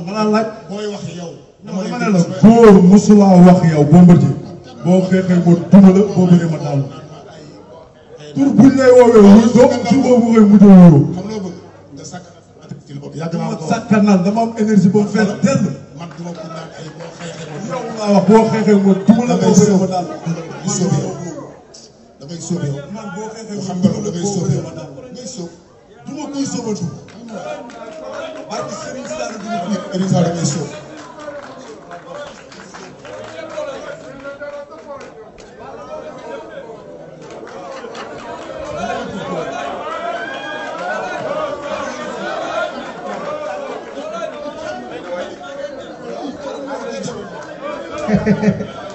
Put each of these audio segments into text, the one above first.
balaa laaj. booy wax yow. dama ne la góor mosulaa wax yow Bombardier boo xeexee ma duma la boo bëree ma daal tur buñ lay woowee wuy doog tur boobu ngay mujj a wóoroo. dama sakkanal dama am énergie boo fees dell. yow laa wax boo xeexee ma duma la boo bëree ma daal. damay sóob yow man boo xeexee ma duma la boo bëree ma daal. du ma kuy sóobatu. barke Serigne Sall bi ñu nekk Serigne Sall ngay sóob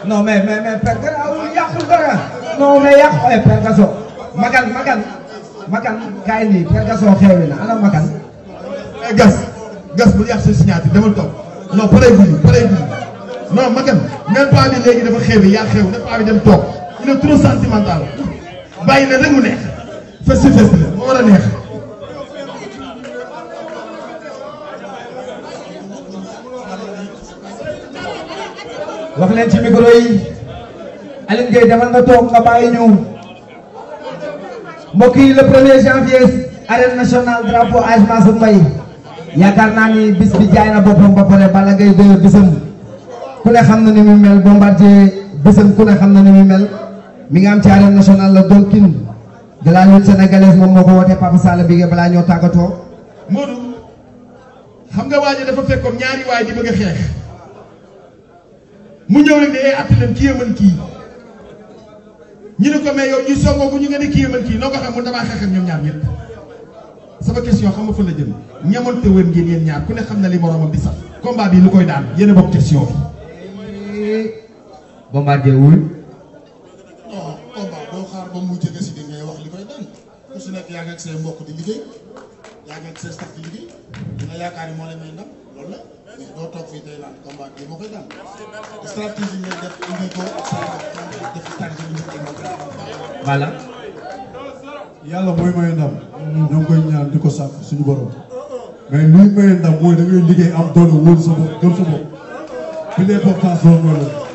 non mais mais mais per garaawul yàqul dara non mais yàqu ay eh, per gaso makan makan makan kaay nii per gaso xewi na ana makan gas gas bu yàq sa signature demal toog non pare bu ñu pare bu ñu non ma gën même paa bi léegi dafa xew yaa xew na paa bi dem toog il est trop sentimental bàyyi na rek mu neex fes si fes la war a neex. wax leen ci micro yi Aline Gueye demal nga toog nga bàyyi ñu mbokk yi le premier janvier arène nationale drapeau Aziz Mansour Mbaye yaakaar naa ni bis bi jaay na boppam ba pare Balla Gaye 2 bisam ku ne xam na ni mu mel Bombardier bisam ku ne xam na ni mu mel mi ngi am ci arène nationale la Dolkin de la lutte moom moo ko wootee Papa Sall bi nga balaa ñoo tàggatoo. Modou xam nga waaje dafa fekkoon ñaari waay di bëgg a xeex mu ñëw rek ne eh at leen kii mën kii ñu ne ko mais yow ñuy songoo ko ñu nga ne kii mën kii noo ko xam mu damaa xeex ñoom ñaar ñëpp. sama question xam nga fa la jëm ñamante woon ngeen yéen ñaar ku ne xam na li moromam di sax combat bi lu koy daan yéen a bokk question bi. Bombardier wul. non doo xaar ba mu jege ngay wax li koy daan ku si nekk koy daan stratégie ngay def indi ko ak sa def stratégie bi ñu ko voilà. yàlla mooy maye ndam ñoo ngi koy ñaan di ko sàkk suñu borom mais luy maye ndam mooy da liggéey am doole wóor sa bopp gëm sa bopp bi les portages loolu